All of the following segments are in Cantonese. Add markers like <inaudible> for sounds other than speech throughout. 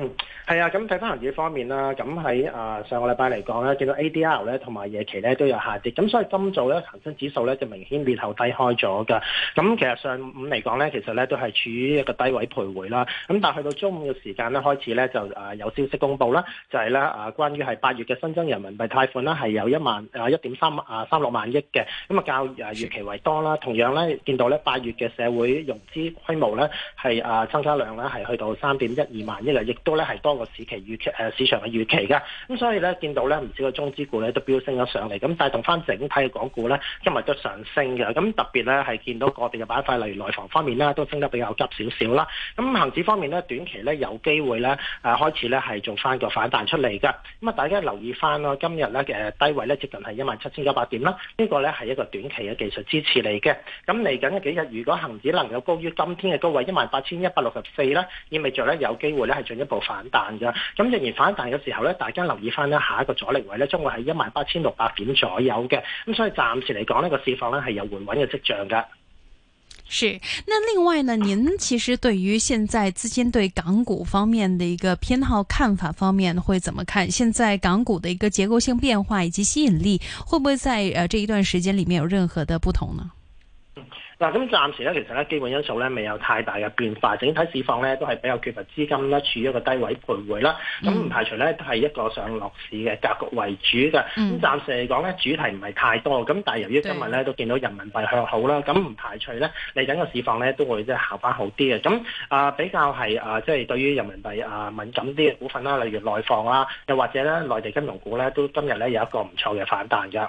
嗯，係啊，咁睇翻行業方面啦，咁喺啊上個禮拜嚟講咧，見到 ADR 咧同埋夜期咧都有下跌，咁所以今早咧恒生指數咧就明顯裂口低開咗㗎。咁其實上午嚟講咧，其實咧都係處於一個低位徘徊啦。咁但係去到中午嘅時間咧，開始咧就啊有消息公布啦，就係咧啊關於係八月嘅新增人民幣貸款啦，係有一萬啊一點三啊三六萬億嘅，咁啊較預期為多啦。同樣咧見到咧八月嘅社會融資規模咧係啊增加量咧係去到三點一二萬億嘅億。都咧係多過市期預期誒、啊、市場嘅預期噶，咁所以咧見到咧唔少嘅中資股咧都飆升咗上嚟，咁帶動翻整體嘅港股咧今日都上升嘅，咁特別咧係見到個別嘅板塊，例如內房方面咧都升得比較急少少啦。咁恒指方面咧短期咧有機會咧誒、啊、開始咧係做翻個反彈出嚟噶。咁啊大家留意翻咯，今日咧嘅低位咧接近係一萬七千九百點啦，呢個咧係一個短期嘅技術支持嚟嘅。咁嚟緊嘅幾日，如果恒指能夠高於今天嘅高位一萬八千一百六十四咧，意味着咧有機會咧係進一步。反彈噶，咁仍然反彈嘅時候呢，大家留意翻呢，下一個阻力位呢，將會係一萬八千六百點左右嘅。咁所以暫時嚟講呢個市況呢，係有回穩嘅跡象噶是，那另外呢，您其實對於現在資金對港股方面的一個偏好看法方面會怎麼看？現在港股的一個結構性變化以及吸引力，會不會在誒這一段時間裏面有任何的不同呢？嗱、啊，咁暫時咧，其實咧，基本因素咧未有太大嘅變化，整體市況咧都係比較缺乏資金啦，處於一個低位徘徊啦，咁唔排除咧都係一個上落市嘅格局為主嘅。咁暫時嚟講咧，主題唔係太多，咁但係由於今日咧都見到人民幣向好啦，咁唔排除咧嚟緊個市況咧都會即係行翻好啲嘅。咁啊，比較係啊，即係對於人民幣啊敏感啲嘅股份啦，例如內房啦、啊，又或者咧內地金融股咧，都今日咧有一個唔錯嘅反彈嘅。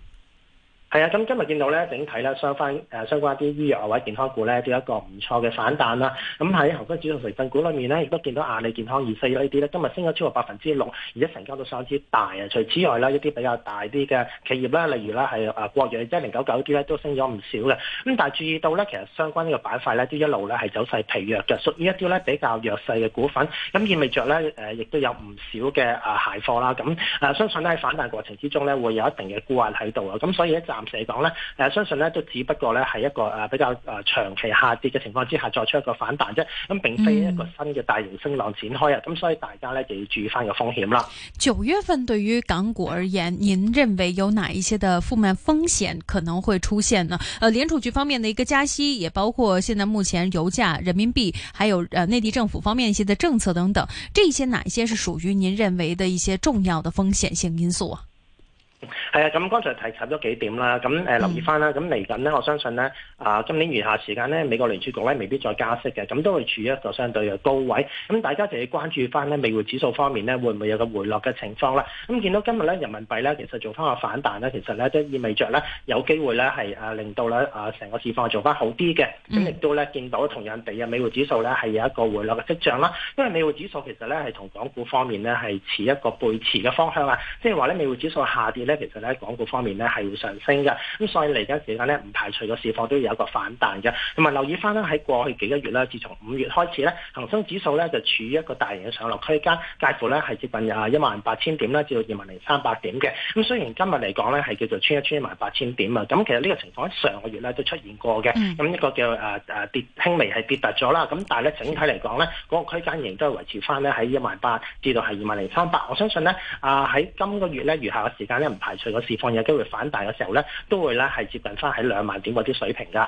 係啊，咁今日見到咧整體咧相關誒相關啲醫藥或者健康股咧都有一個唔錯嘅反彈啦。咁、嗯、喺恒生指數成分股裏面咧，亦都見到阿里健康二四呢啲咧，今日升咗超過百分之六，而且成交都相當大啊。除此外咧，一啲比較大啲嘅企業咧，例如咧係誒國藥一零九九啲咧，都升咗唔少嘅。咁但係注意到咧，其實相關呢個板塊咧都一路咧係走勢疲弱嘅，屬於一啲咧比較弱勢嘅股份。咁意味着咧誒亦都有唔少嘅誒鞋貨啦。咁誒相信喺反彈過程之中咧，會有一定嘅沽壓喺度啊。咁所以一嚟講呢，誒、嗯，相信呢都只不過呢係一個誒比較誒長期下跌嘅情況之下作出一個反彈啫，咁並非一個新嘅大型升浪展開啊，咁所以大家呢就要注意翻個風險啦。九月份對於港股而言，您認為有哪一些的負面風險可能會出現呢？呃聯儲局方面的一個加息，也包括現在目前油價、人民幣，還有誒、呃、內地政府方面一些的政策等等，這些哪一些是屬於您認為的一些重要的風險性因素啊？係啊，咁剛才提及咗幾點啦，咁、呃、留意翻啦，咁嚟緊呢，我相信呢，啊、呃，今年餘下時間呢，美國聯儲局咧未必再加息嘅，咁都會處於一個相對嘅高位。咁大家就要關注翻咧美匯指數方面呢會唔會有個回落嘅情況啦？咁見到今日咧人民幣咧其實做翻個反彈咧，其實咧都意味着咧有機會咧係令到咧啊成個市況做翻好啲嘅。咁亦都咧見到同樣地啊美匯指數咧係有一個回落嘅、啊嗯、跡象啦，因為美匯指數其實咧係同港股方面咧係持一個背馳嘅方向啊，即係話咧美匯指數下跌咧其實咧港股方面咧係會上升嘅，咁所以嚟緊時間咧唔排除個市況都要有一個反彈嘅。同埋留意翻咧喺過去幾個月咧，自從五月開始咧，恒生指數咧就處於一個大型嘅上落區間，介乎咧係接近啊一萬八千點啦，至到二萬零三百點嘅。咁雖然今日嚟講咧係叫做穿一穿一萬八千點啊，咁其實呢個情況喺上個月咧都出現過嘅。咁、這、一個叫誒誒跌輕微係跌突咗啦，咁但係咧整體嚟講咧，嗰、那個區間仍都係維持翻咧喺一萬八至到係二萬零三百。我相信咧啊喺今個月咧餘下嘅時間咧唔排除。如果市況有機會反彈嘅時候咧，都會咧係接近翻喺兩萬點嗰啲水平噶。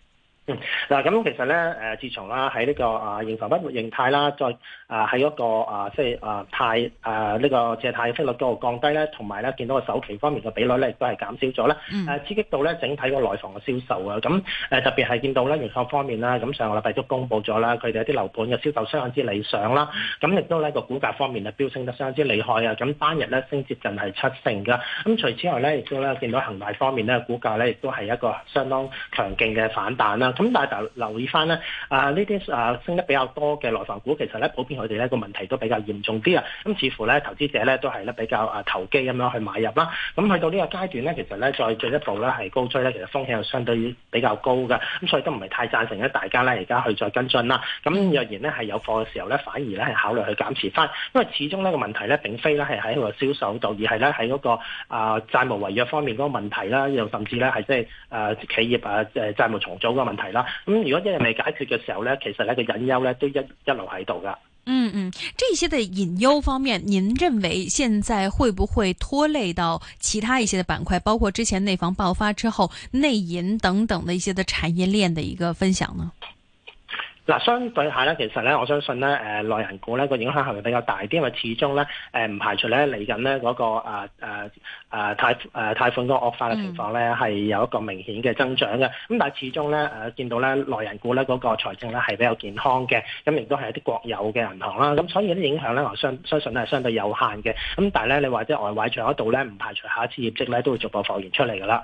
嗱、嗯、咁其實咧，誒自從啦喺呢個啊認房不認貸啦，再啊喺一個啊即係啊貸啊呢個借貸息率再度降低咧，同埋咧見到個首期方面嘅比率咧亦都係減少咗啦，誒刺激到咧整體個內房嘅銷售啊，咁誒特別係見到咧融創方面啦，咁上個禮拜都公布咗啦，佢哋啲樓盤嘅銷售相當之理想啦，咁亦都咧個股價方面咧飆升得相當之厲害啊，咁單日咧升接近係七成㗎，咁除此之外咧亦都咧見到恒大方面咧股價咧亦都係一個相當強勁嘅反彈啦。咁但係就留意翻咧，啊呢啲啊升得比較多嘅內房股，其實咧普遍佢哋咧個問題都比較嚴重啲啊。咁似乎咧投資者咧都係咧比較啊投機咁樣去買入啦。咁去到呢個階段咧，其實咧再進一步咧係高追咧，其實風險又相對於比較高噶。咁所以都唔係太贊成咧大家咧而家去再跟進啦。咁若然咧係有貨嘅時候咧，反而咧係考慮去減持翻，因為始終呢個問題咧並非咧係喺個銷售度，而係咧喺嗰個啊債務違約方面嗰個問題啦，又甚至咧係即係企業啊誒債務重組嘅問題。係、嗯、啦，咁如果真係未解決嘅時候，其實呢個隱憂都一一路喺度噶。嗯嗯，這些的隱憂方面，您認為現在會不會拖累到其他一些的板塊，包括之前內房爆發之後內銀等等的一些的產業鏈的一個分享呢？嗱，相對下咧，其實咧，我相信咧，誒內銀股咧個影響係會比較大啲，因為始終咧，誒唔排除咧嚟緊咧嗰個誒誒誒貸誒貸款嗰個惡化嘅情況咧係有一個明顯嘅增長嘅。咁但係始終咧誒見到咧內銀股咧嗰個財政咧係比較健康嘅，咁亦都係一啲國有嘅銀行啦。咁所以啲影響咧我相相信係相對有限嘅。咁但係咧你或者外匯仲有一度咧，唔排除下一次業績咧都會逐步反映出嚟㗎啦。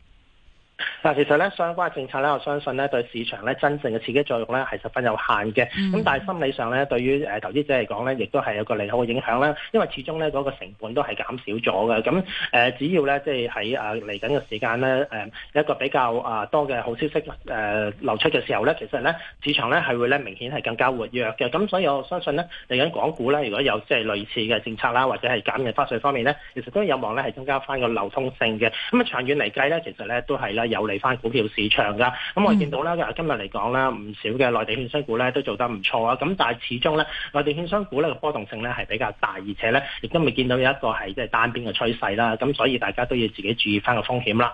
嗱，其實咧相關政策咧，我相信咧對市場咧真正嘅刺激作用咧係十分有限嘅。咁但係心理上咧，對於誒投資者嚟講咧，亦都係有一個利好嘅影響啦。因為始終咧嗰個成本都係減少咗嘅。咁誒只要咧即係喺誒嚟緊嘅時間咧，誒一個比較啊多嘅好消息誒流出嘅時候咧，其實咧市場咧係會咧明顯係更加活躍嘅。咁所以我相信咧嚟緊港股咧，如果有即係類似嘅政策啦，或者係減嘅花稅方面咧，其實都有望咧係增加翻個流通性嘅。咁啊長遠嚟計咧，其實咧都係啦。有利翻股票市場㗎。咁我見到咧今日嚟講咧，唔少嘅內地券商股咧都做得唔錯啊，咁但係始終咧內地券商股咧個波動性咧係比較大，而且咧亦都未見到有一個係即係單邊嘅趨勢啦，咁所以大家都要自己注意翻個風險啦。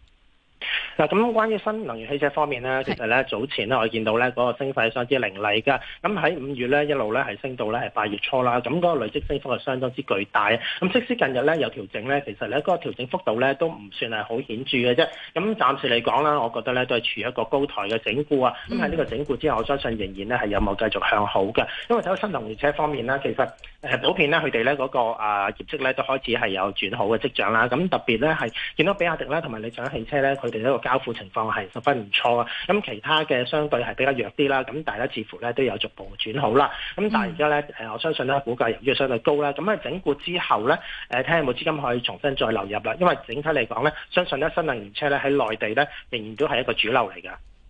咁關於新能源汽車方面咧，其實咧早前咧我見到咧嗰個升勢相當之凌厲嘅，咁喺五月咧一路咧係升到咧係八月初啦，咁嗰個累積升幅係相當之巨大。咁即使近日咧有調整咧，其實咧嗰個調整幅度咧都唔算係好顯著嘅啫。咁暫時嚟講啦，我覺得咧都係處於一個高台嘅整固啊。咁喺呢個整固之後，我相信仍然咧係有冇繼續向好嘅。因為睇到新能源汽車方面咧，其實誒普遍咧佢哋咧嗰個啊業績咧都開始係有轉好嘅跡象啦。咁特別咧係見到比亞迪咧同埋理想汽車咧，佢哋喺個交付情況係十分唔錯啊，咁其他嘅相對係比較弱啲啦。咁但係咧，似乎咧都有逐步轉好啦。咁但係而家咧，誒我相信咧，股價由於相對高咧，咁啊整固之後咧，誒睇有冇資金可以重新再流入啦。因為整體嚟講咧，相信咧新能源車咧喺內地咧仍然都係一個主流嚟㗎。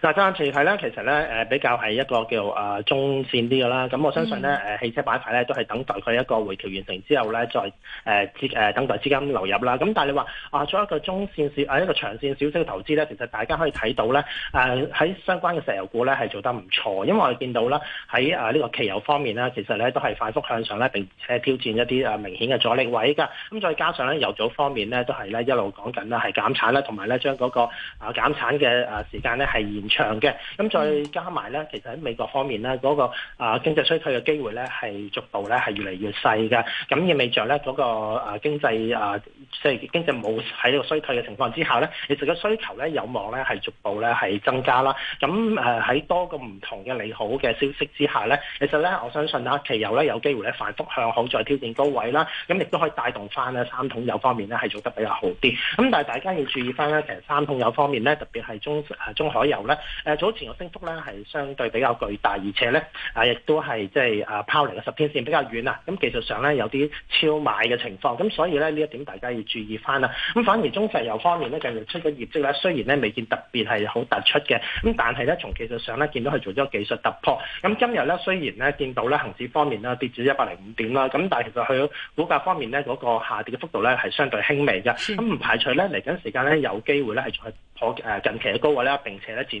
嗱暫時係咧，其實咧比較係一個叫中線啲嘅啦，咁我相信咧、嗯、汽車板塊咧都係等待佢一個回調完成之後咧，再等待資金流入啦。咁但係你話啊做一個中線小一個長線小息嘅投資咧，其實大家可以睇到咧喺相關嘅石油股咧係做得唔錯，因為我哋見到啦喺呢個期油方面咧，其實咧都係快速向上咧，並且挑戰一啲明顯嘅阻力位㗎。咁再加上咧油組方面咧都係咧一路講緊啦係減產啦，同埋咧將嗰個啊減產嘅時間咧係延。長、嗯、嘅，咁再加埋咧，其實喺美國方面咧，嗰、嗰個啊經濟衰退嘅機會咧係逐步咧係越嚟越細嘅，咁意味着咧嗰個、啊、經濟、啊、經濟啊即係經濟冇喺呢個衰退嘅情況之下咧，其實個需求咧有望咧係逐步咧係增加啦。咁誒喺多個唔同嘅利好嘅消息之下咧，其實咧我相信啦，期油咧有機會咧快速向好，再挑戰高位啦。咁亦都可以帶動翻咧三桶油方面咧係做得比較好啲。咁但係大家要注意翻咧，其實三桶油方面咧，特別係中中海油咧。誒早前嘅升幅咧係相對比較巨大，而且咧啊亦都係即係啊拋離嘅十天線比較遠啊，咁技術上咧有啲超買嘅情況，咁所以咧呢一點大家要注意翻啦。咁反而中石油方面咧近日出嘅業績咧，雖然咧未見特別係好突出嘅，咁但係咧從技術上咧見到佢做咗個技術突破。咁今日咧雖然咧見到咧恆指方面咧跌至一百零五點啦，咁但係其實佢股價方面咧嗰個下跌嘅幅度咧係相對輕微嘅。咁唔排除咧嚟緊時間咧有機會咧係再破誒近期嘅高位咧，並且咧展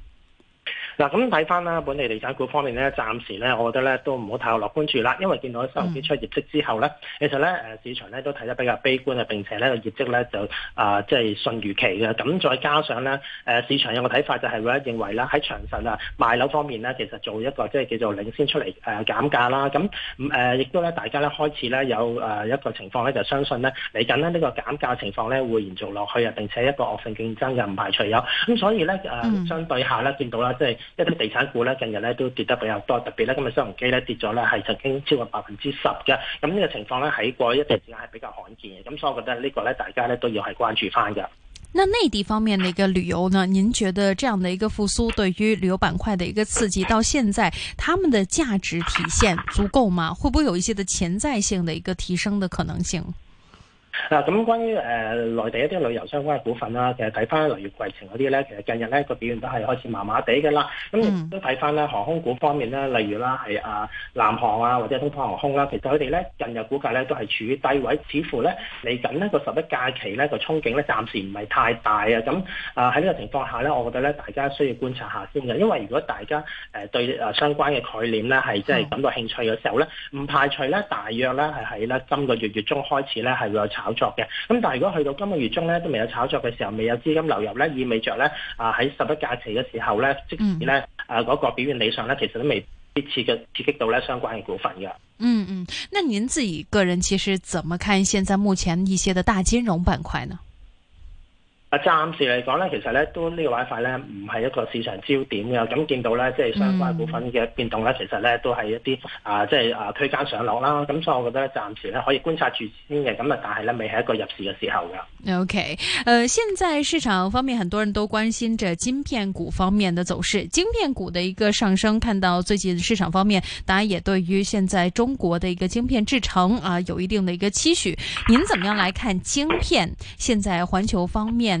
嗱咁睇翻啦，本地地產股方面咧，暫時咧，我覺得咧都唔好太樂觀住啦，因為見到新鴻基出業績之後咧，其實咧市場咧都睇得比較悲觀啊，並且咧個業績咧就啊即係遜預期嘅。咁再加上咧市場有個睇法就係會認認為喺長實啊賣樓方面咧，其實做一個即係、就是、叫做領先出嚟誒、呃、減價啦。咁誒亦都咧大家咧開始咧有誒一個情況咧就相信咧嚟緊呢呢、呢個減價情況咧會延續落去啊，並且一個惡性競爭嘅唔排除有。咁所以咧、呃、相對下咧見到啦即、就是一啲地產股呢近日呢都跌得比較多，特別呢今日收紅機呢跌咗呢係曾經超過百分之十嘅。咁、這、呢個情況呢喺過一段時間係比較罕見嘅，咁所以我覺得呢個呢大家呢都要係關注翻嘅。那內地方面嘅一個旅遊呢？您覺得這樣的一個復甦對於旅遊板塊嘅一個刺激，到現在他們的價值體現足夠嗎？會不會有一些的潛在性嘅一個提升的可能性？嗱，咁關於誒、呃、內地一啲旅遊相關嘅股份啦、啊，其實睇翻一嚟攜程嗰啲咧，其實近日咧個表現都係開始麻麻地嘅啦。咁都睇翻咧航空股方面咧，例如啦係啊南航啊或者東方航空啦，其實佢哋咧近日股價咧都係處於低位，似乎咧嚟緊呢個十一假期咧個憧憬咧暫時唔係太大啊。咁啊喺呢個情況下咧，我覺得咧大家需要觀察下先嘅，因為如果大家誒、呃、對相關嘅概念咧係即係感到興趣嘅時候咧，唔排除咧大約咧係喺咧今個月月中開始咧係會有炒炒作嘅，咁但係如果去到今個月中咧，都未有炒作嘅時候，未有資金流入咧，意味着咧啊喺十一假期嘅時候咧，即使咧嗰個表現理上咧，其實都未一刺激刺激到咧相關嘅股份嘅。嗯嗯，那您自己個人其實怎麼看現在目前一些嘅大金融板塊呢？啊，暫時嚟講呢其實呢都呢個 WiFi 呢唔係一個市場焦點嘅，咁見到呢即係相關部分嘅變動呢，其實呢都係一啲啊即係啊區間上落啦，咁所以我覺得暫時呢可以觀察住先嘅，咁啊但係呢未係一個入市嘅時候嘅。OK，呃，現在市場方面很多人都關心着晶片股方面的走勢，晶片股的一個上升，看到最近市場方面，大家也對於現在中國的一個晶片製程啊有一定的一個期許，您怎麼樣來看晶片 <coughs> 現在環球方面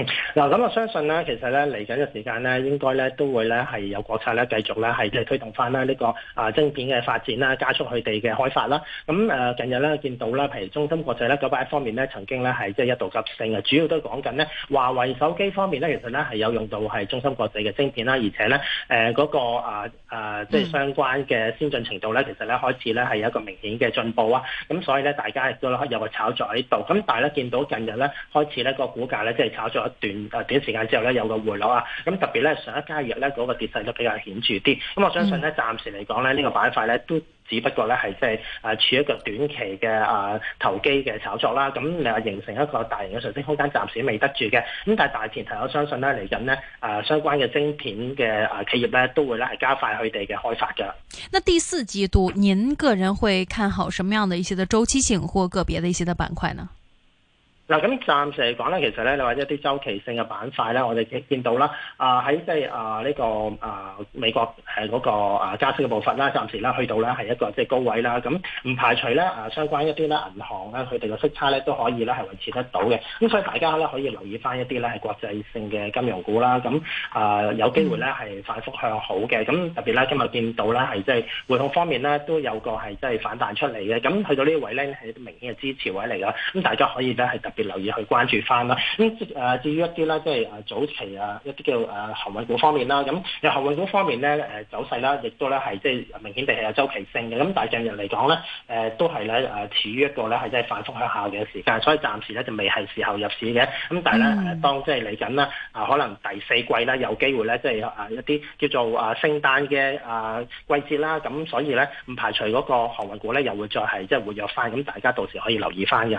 嗱、嗯、咁我相信咧，其實咧嚟緊嘅時間咧，應該咧都會咧係有國策咧繼續咧係即係推動翻咧呢個啊晶片嘅發展啦，加速佢哋嘅開發啦。咁誒、啊、近日咧見到咧，譬如中芯國際咧九八一方面咧曾經咧係即係一度急升嘅，主要都講緊咧華為手機方面咧其實咧係有用到係中芯國際嘅晶片啦，而且咧誒嗰個啊啊即係相關嘅先進程度咧，其實咧開始咧係有一個明顯嘅進步啊。咁所以咧大家亦都咧有個炒作喺度。咁但係咧見到近日咧開始咧個股價咧即係炒作段啊短時間之後咧有個回落啊，咁特別咧上一交易日咧嗰個跌勢都比較顯著啲，咁我相信咧暫時嚟講咧呢個板塊咧都只不過咧係即係啊處一個短期嘅啊投機嘅炒作啦，咁你話形成一個大型嘅上升空間暫時未得住嘅，咁但係大前提我相信咧嚟緊呢啊相關嘅晶片嘅啊企業咧都會咧係加快佢哋嘅開發嘅。那第四季度，您個人會看好什麼樣的一些的週期性或個別的一些的板塊呢？嗱，咁暫時嚟講咧，其實咧，你話一啲周期性嘅板塊咧，我哋見到啦，啊喺即係啊呢個啊美國嗰個啊加息嘅部分，啦暫時咧去到咧係一個即係高位啦。咁唔排除咧啊相關一啲咧銀行咧佢哋嘅息差咧都可以咧係維持得到嘅。咁所以大家咧可以留意翻一啲咧係國際性嘅金融股啦。咁啊有機會咧係反覆向好嘅。咁特別咧今日見到咧係即係匯控方面咧都有個係即係反彈出嚟嘅。咁去到呢個位咧係明顯嘅支持位嚟啦。咁大家可以咧係特留意去關注翻啦，咁誒至於一啲咧，即係誒早期啊一啲叫誒航運股方面啦，咁其實航運股方面咧誒走勢啦亦都咧係即係明顯地係有周期性嘅，咁但係近日嚟講咧誒都係咧誒處於一個咧係即係反覆向下嘅時間，所以暫時咧就未係時候入市嘅，咁但係咧當即係嚟緊啦啊，可能第四季啦有機會咧，即係誒一啲叫做誒聖誕嘅誒季節啦，咁所以咧唔排除嗰個航運股咧又會再係即係活躍翻，咁大家到時可以留意翻嘅。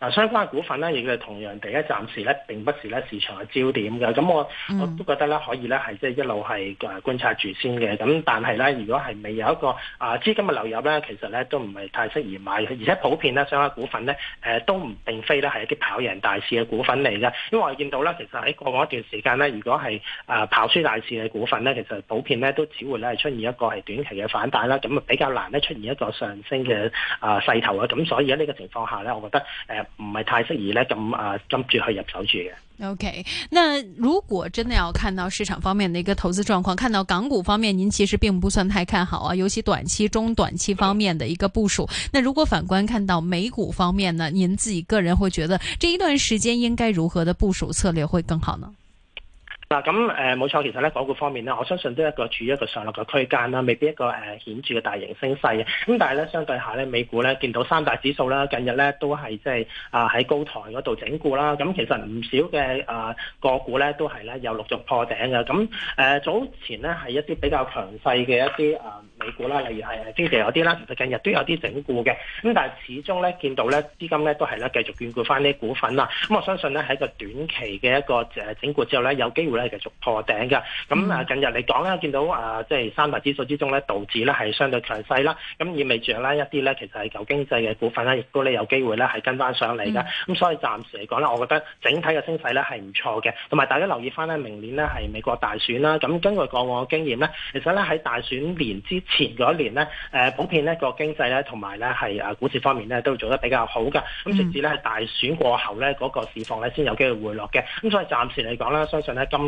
嗱，相關股份咧，亦都係同樣地咧，暫時咧並不是咧市場嘅焦點嘅。咁我我都覺得咧，可以咧係即係一路係誒觀察住先嘅。咁但係咧，如果係未有一個啊資金嘅流入咧，其實咧都唔係太適宜買。而且普遍咧相關股份咧，誒都唔並非咧係一啲跑贏大市嘅股份嚟嘅。因為我見到咧，其實喺過往一段時間咧，如果係啊跑輸大市嘅股份咧，其實普遍咧都只會咧係出現一個係短期嘅反彈啦。咁啊比較難咧出現一個上升嘅啊勢頭啊。咁所以喺呢個情況下咧，我覺得誒，啊唔係太適宜呢，咁啊專注去入手住嘅。OK，那如果真的要看到市場方面的一個投資狀況，看到港股方面，您其實並不算太看好啊，尤其短期、中短期方面的一個部署。嗯、那如果反觀看到美股方面呢？您自己個人會覺得這一段時間應該如何的部署策略會更好呢？嗱咁誒冇錯，其實咧港股方面咧，我相信都係一個處於一個上落嘅區間啦，未必一個誒、呃、顯著嘅大型升勢嘅。咁但係咧，相對下咧，美股咧見到三大指數啦，近日咧都係即係啊喺高台嗰度整固啦。咁其實唔少嘅啊、呃、個股咧都係咧有陸續破頂嘅。咁誒、呃、早前呢，係一啲比較強勢嘅一啲啊美股啦，例如係誒經濟啲啦，其實近日都有啲整固嘅。咁但係始終咧見到咧資金咧都係咧繼續眷顧翻呢啲股份啊。咁我相信咧喺個短期嘅一個誒整固之後咧，有機會，係繼續破頂噶，咁啊近日嚟講咧，見到啊即係三大指數之中咧，道指咧係相對強勢啦，咁意味住咧一啲咧其實係舊經濟嘅股份咧，亦都咧有機會咧係跟翻上嚟噶。咁、嗯、所以暫時嚟講咧，我覺得整體嘅升勢咧係唔錯嘅，同埋大家留意翻咧，明年咧係美國大選啦，咁根據過往嘅經驗咧，其實咧喺大選年之前嗰一年咧，誒普遍呢個經濟咧同埋咧係誒股市方面咧都會做得比較好噶，咁直至咧大選過後咧嗰個市況咧先有機會回落嘅，咁所以暫時嚟講咧，相信咧今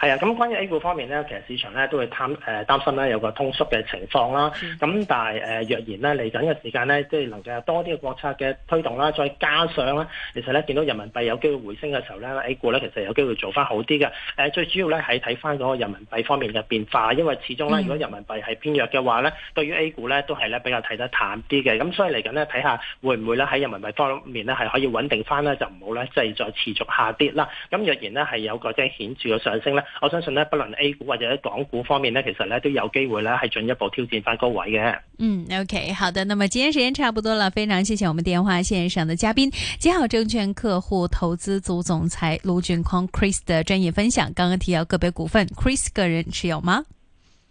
係啊，咁關於 A 股方面咧，其實市場咧都會擔、呃、擔心咧有個通縮嘅情況啦。咁但係、呃、若然咧嚟緊嘅時間咧，即係能夠有多啲嘅國策嘅推動啦，再加上咧，其實咧見到人民幣有機會回升嘅時候咧，A 股咧其實有機會做翻好啲嘅，啊。最主要咧係睇翻嗰個人民幣方面嘅變化，因為始終咧、嗯、如果人民幣係偏弱嘅話咧，對於 A 股咧都係咧比較睇得淡啲嘅。咁所以嚟緊咧睇下呢看看會唔會咧喺人民幣方面咧係可以穩定翻咧，就唔好咧即係再持續下跌啦。咁若然咧係有個即係顯著嘅上升咧，我相信呢不論 A 股或者喺港股方面呢，其實呢都有機會呢係進一步挑戰翻高位嘅。嗯，OK，好的。那麼今天時間差不多了，非常謝謝我們電話線上的嘉賓，結好證券客戶投資組總裁盧駿匡 Chris 的專業分享。剛剛提到個別股份，Chris 個人持有嗎？